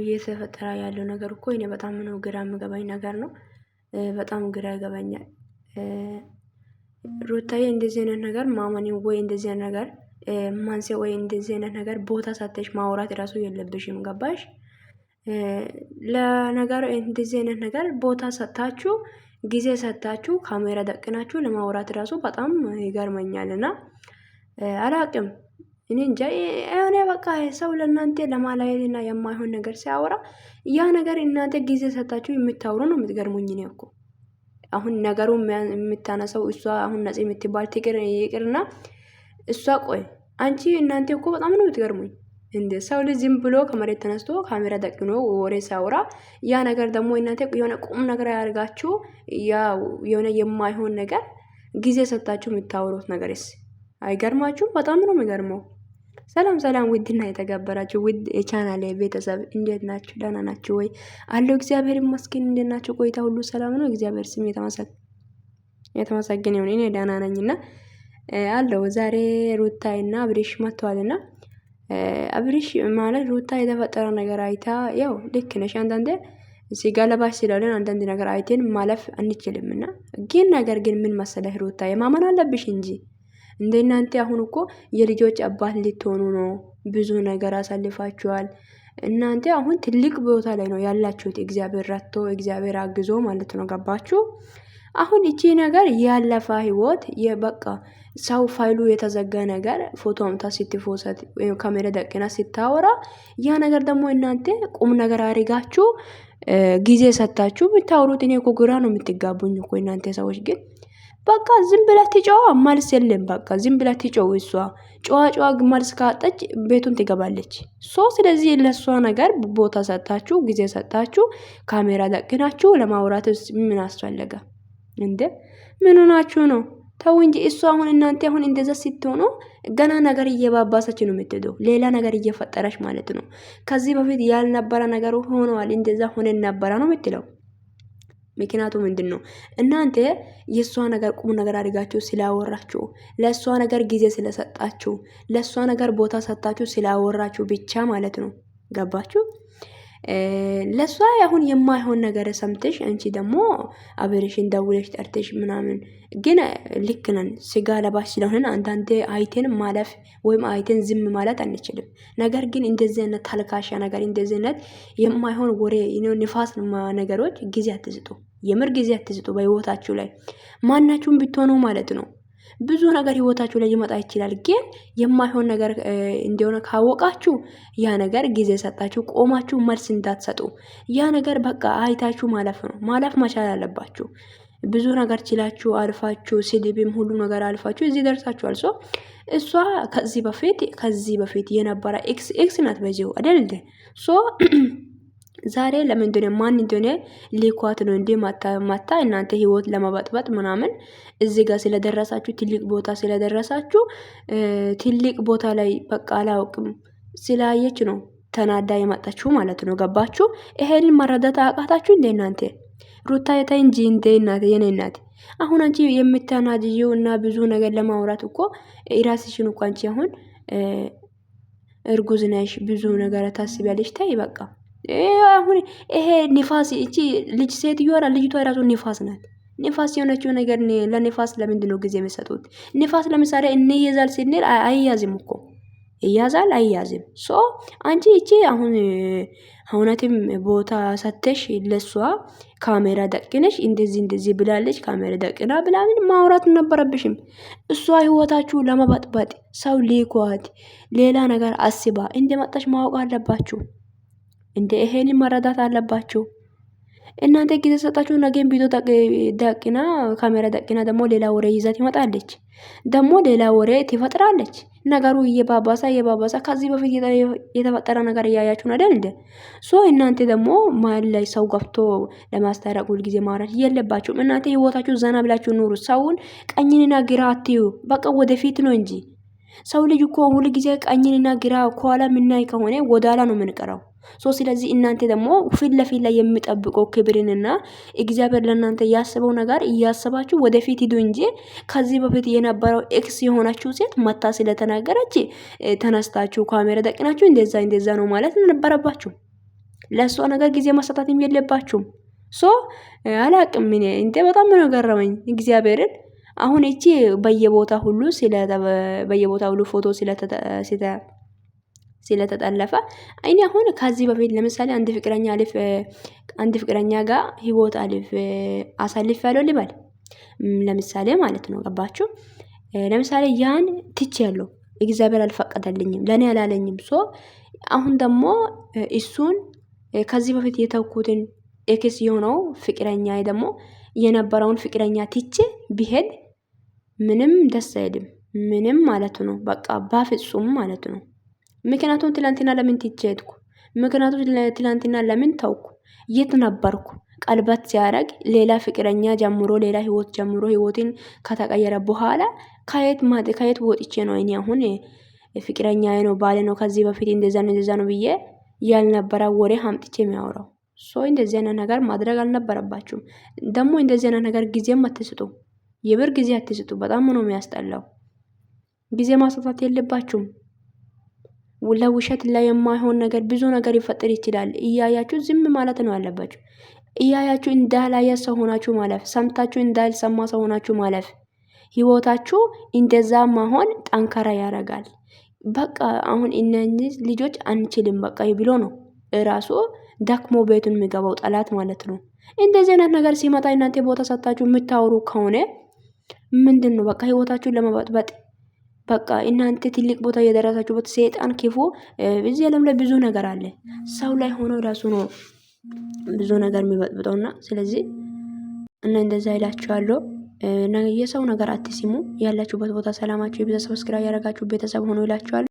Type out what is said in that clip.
እየተፈጠረ ያለው ነገር እኮ እኔ በጣም ነው ግራ የምገባኝ ነገር ነው። በጣም ግራ ይገባኛል። ሩታዬ እንደዚህ አይነት ነገር ማመን ወይ እንደዚህ አይነት ነገር ማንሴ ወይ እንደዚህ አይነት ነገር ቦታ ሳተሽ ማውራት ራሱ የለብሽም። ገባሽ? ለነገር እንደዚህ አይነት ነገር ቦታ ሰጥታችሁ ጊዜ ሰጥታችሁ ካሜራ ደቅናችሁ ለማውራት ራሱ በጣም ይገርመኛል እና አላቅም እኔ እንጃ እኔ በቃ ሰው ለእናንተ ለማላየትና የማይሆን ነገር ሲያወራ ያ ነገር እናንተ ጊዜ ሰታችሁ የምታወሩ ነው የምትገርሙኝ። እኔ እኮ አሁን ነገሩ የምታነሰው እሷ አሁን ነጽ የምትባል ትቅር ይቅርና እሷ ቆይ አንቺ እናንተ እኮ በጣም ነው የምትገርሙኝ። እንደ ሰው ልጅ ዝም ብሎ ከመሬት ተነስቶ ካሜራ ደቅኖ ወሬ ሲያወራ ያ ነገር ደግሞ እናንተ የሆነ ቁም ነገር ያደርጋችሁ የሆነ የማይሆን ነገር ጊዜ ሰጣችሁ የምታወሩት ነገርስ አይገርማችሁም? በጣም ነው የሚገርመው። ሰላም ሰላም ውድና የተገበራችሁ ውድ የቻናል ቤተሰብ እንዴት ናችሁ? ደህና ናችሁ ወይ? አለው እግዚአብሔር ይመስገን። እንዴት ናችሁ? ቆይታ ሁሉ ሰላም ነው። እግዚአብሔር ስም የተመሰገነ ይሁን። እኔ ደህና ነኝና አለው። ዛሬ አብሬሽ መጥተዋል መጥተዋልና አብሬሽ ማለት ሩታ የተፈጠረ ነገር አይታ ያው ልክ ነሽ። አንዳንዴ ሲጋለባሽ ጋለባሽ ስላለን አንዳንድ ነገር አይቴን ማለፍ አንችልም አንችልምና፣ ግን ነገር ግን ምን መሰለህ ሩታ የማመን አለብሽ እንጂ እንደ እናንተ አሁን እኮ የልጆች አባት ልትሆኑ ነው። ብዙ ነገር አሳልፋችኋል። እናንተ አሁን ትልቅ ቦታ ላይ ነው ያላችሁት። እግዚአብሔር ረቶ እግዚአብሔር አግዞ ማለት ነው። ገባችሁ? አሁን እቺ ነገር ያለፈ ህይወት የበቃ ሰው ፋይሉ የተዘጋ ነገር ፎቶ አምታ ስትፎሰት ካሜራ ደቅና ስታወራ ያ ነገር ደግሞ እናንተ ቁም ነገር አድርጋችሁ ጊዜ ሰታችሁ የምታወሩት እኔ እኮ ግራ ነው የምትጋቡኝ እኮ እናንተ ሰዎች ግን በቃ ዝም ብላ ትጮዋ ማልስ የለም። በቃ ዝም ብላ ትጮው እሷ ጨዋ ጨዋ ማልስ ካጣች ቤቱን ትገባለች። ሶ ስለዚህ ለእሷ ነገር ቦታ ሰጣችሁ፣ ጊዜ ሰጣችሁ፣ ካሜራ ደቅናችሁ ለማውራት ምን አስፈለገ እንዴ? ምን ሆናችሁ ነው? ተው እንጂ እሱ አሁን እናንተ አሁን እንደዛ ስትሆኑ ገና ነገር እየባባሰች ነው የምትሄደው። ሌላ ነገር እየፈጠረች ማለት ነው። ከዚህ በፊት ያልነበረ ነገር ሆነዋል። እንደዛ ሆነን ነበረ ነው የምትለው ምክንያቱ ምንድን ነው? እናንተ የእሷ ነገር ቁም ነገር አድርጋችሁ ስላወራችሁ፣ ለእሷ ነገር ጊዜ ስለሰጣችሁ፣ ለእሷ ነገር ቦታ ሰጣችሁ ስላወራችሁ ብቻ ማለት ነው። ገባችሁ? ለእሷ አሁን የማይሆን ነገር ሰምተሽ አንቺ ደግሞ አብሬሽን ደውለሽ ጠርተሽ ምናምን፣ ግን ልክ ነን። ስጋ ለባሽ ስለሆነን አንዳንዴ አይቴን ማለፍ ወይም አይቴን ዝም ማለት አንችልም። ነገር ግን እንደዚህ አይነት ታልካሻ ነገር፣ እንደዚህ አይነት የማይሆን ወሬ፣ ንፋስ ነገሮች ጊዜ አትስጡ። የምር ጊዜ አትስጡ በህይወታችሁ ላይ ማናችሁም ብትሆኑ ማለት ነው። ብዙ ነገር ህይወታችሁ ላይ ሊመጣ ይችላል። ግን የማይሆን ነገር እንደሆነ ካወቃችሁ ያ ነገር ጊዜ ሰጣችሁ ቆማችሁ መልስ እንዳትሰጡ። ያ ነገር በቃ አይታችሁ ማለፍ ነው። ማለፍ መቻል አለባችሁ። ብዙ ነገር ችላችሁ አልፋችሁ ስድብም ሁሉ ነገር አልፋችሁ እዚህ ደርሳችኋል። ሶ እሷ ከዚህ በፊት ከዚህ በፊት የነበረ ኤክስ ኤክስ ናት በዚሁ አደልድ ሶ ዛሬ ለምን እንደሆነ ማን እንደሆነ ሊኳት ነው እንዴ? ማታ ማታ እናንተ ህይወት ለመበጥበጥ ምናምን እዚህ ጋር ስለደረሳችሁ ትልቅ ቦታ ስለደረሳችሁ ትልቅ ቦታ ላይ በቃ አላውቅም ስላየች ነው ተናዳ የመጣችሁ ማለት ነው። ገባችሁ? ይሄንን መረዳት አቃታችሁ እንዴ እናንተ? ሩታ የታይ እንጂ እንዴ እናት የኔ እናት፣ አሁን አንቺ የምታናድጂው እና ብዙ ነገር ለማውራት እኮ ራስሽን እኮ አንቺ አሁን እርጉዝ ነሽ፣ ብዙ ነገር ታስቢያለሽ። ታይ በቃ አሁን ይሄ ኒፋስ እቺ ልጅ ሴትዮ ልጅቷ የራሱ ኒፋስ ናት። ኒፋስ የሆነችው ነገር ለኒፋስ ለምንድን ነው ጊዜ የሚሰጡት? ኒፋስ ለምሳሌ እኔ ስንል አይያዝም እኮ እያዛል አይያዝም። ሶ አንቺ እቺ አሁን እውነትም ቦታ ሰተሽ ለሷ ካሜራ ደቅነሽ እንደዚህ እንደዚህ ብላለች ካሜራ ደቅና ብላምን ማውራት ነበረብሽም። እሷ ህይወታችሁ ለመበጥበጥ ሰው ሊኳት ሌላ ነገር አስባ እንደመጣሽ ማወቅ አለባችሁ። እንደ ይሄን መረዳት አለባችሁ። እናንተ ጊዜ ሰጣችሁ። ነገን ቢዶ ደቅና ካሜራ ደቅና ደግሞ ሌላ ወሬ ይዛት ይመጣለች፣ ደግሞ ሌላ ወሬ ትፈጥራለች። ነገሩ እየባባሳ እየባባሳ ከዚህ በፊት የተፈጠረ ነገር እያያችሁን አይደል እንዴ? ሶ እናንተ ደግሞ ማል ላይ ሰው ገብቶ ለማስታረቅ ሁልጊዜ ማውራት የለባችሁም። እናንተ ህይወታችሁ ዘና ብላችሁ ኑሩ። ሰውን ቀኝንና ግራ አትዩ። በቃ ወደፊት ነው እንጂ ሰው ልጅ እኮ ሁልጊዜ ቀኝንና ግራ ከኋላ የምናይ ከሆነ ወደኋላ ነው የምንቀረው። ሶ ስለዚህ እናንተ ደግሞ ፊት ለፊት ላይ የሚጠብቀው ክብርንና እግዚአብሔር ለእናንተ ያስበው ነገር እያሰባችሁ ወደፊት ሂዱ እንጂ ከዚህ በፊት የነበረው ኤክስ የሆናችሁ ሴት መታ ስለተናገረች ተነስታችሁ ካሜራ ደቅናችሁ እንደዛ እንደዛ ነው ማለት ነበረባችሁ። ለእሷ ነገር ጊዜ መሰጣትም የለባችሁም። ሶ አላቅም ምን በጣም ነው ገረመኝ እግዚአብሔርን። አሁን እቺ በየቦታ ሁሉ ስለ በየቦታ ሁሉ ፎቶ ስለ ስለተጠለፈ እኔ አሁን ከዚህ በፊት ለምሳሌ አንድ ፍቅረኛ አልፍ አንድ ፍቅረኛ ጋር ህይወት አልፍ አሳልፍ ያለው ልበል ለምሳሌ ማለት ነው። ገባችሁ? ለምሳሌ ያን ትች ያለው እግዚአብሔር አልፈቀደልኝም ለእኔ አላለኝም። ሶ አሁን ደግሞ እሱን ከዚህ በፊት የተውኩትን ኤክስ የሆነው ፍቅረኛ ደግሞ የነበረውን ፍቅረኛ ትቼ ቢሄድ ምንም ደስ አይልም። ምንም ማለት ነው። በቃ በፍጹም ማለት ነው። ምክንያቱም ትላንትና ለምን ትቼ ምክንያቱም ትላንትና ለምን ተውኩ? የት ነበርኩ? ቀልበት ሲያረግ ሌላ ፍቅረኛ ጀምሮ ሌላ ህይወት ጀምሮ ህይወትን ከተቀየረ በኋላ ከየት ማጥ ከየት ወጥቼ ነው እኔ አሁን ፍቅረኛ ነው ባለ ነው ከዚህ በፊት እንደዛ ነው እንደዛ ነው ብዬ ያልነበረ ወሬ አምጥቼ የሚያወራው ሶ እንደዚህ አይነት ነገር ማድረግ አልነበረባችሁም። ደግሞ እንደዚህ አይነት ነገር ጊዜም አትስጡ። የብር ጊዜ አትስጡ። በጣም ነው የሚያስጠላው። ጊዜ ማሳሳት የለባችሁም። ለውሸት ለየማይሆን ነገር ብዙ ነገር ይፈጥር ይችላል። እያያችሁ ዝም ማለት ነው ያለባችሁ። እያያችሁ እንዳላየ ሰው ሆናችሁ ማለፍ፣ ሰምታችሁ እንዳልሰማ ሰው ሆናችሁ ማለፍ። ህይወታችሁ እንደዛ መሆን ጠንካራ ያደርጋል። በቃ አሁን እነዚህ ልጆች አንችልም በቃ ብሎ ነው ራሱ ደክሞ ቤቱን የሚገባው ጠላት ማለት ነው። እንደዚህ አይነት ነገር ሲመጣ እናንተ ቦታ ሰታችሁ የምታወሩ ከሆነ ምንድን ነው በቃ ህይወታችሁን ለመበጥበጥ በቃ እናንተ ትልቅ ቦታ የደረሳችሁበት ሴጣን ክፉ እዚህ ዓለም ላይ ብዙ ነገር አለ። ሰው ላይ ሆኖ ራሱ ነው ብዙ ነገር የሚበጥብጠውና ስለዚህ እና እንደዛ ይላችኋለሁ። የሰው ነገር አትስሙ። ያላችሁበት ቦታ ሰላማችሁ የቤተሰብ እስክራ ያደረጋችሁ ቤተሰብ ሆኖ ይላችኋል።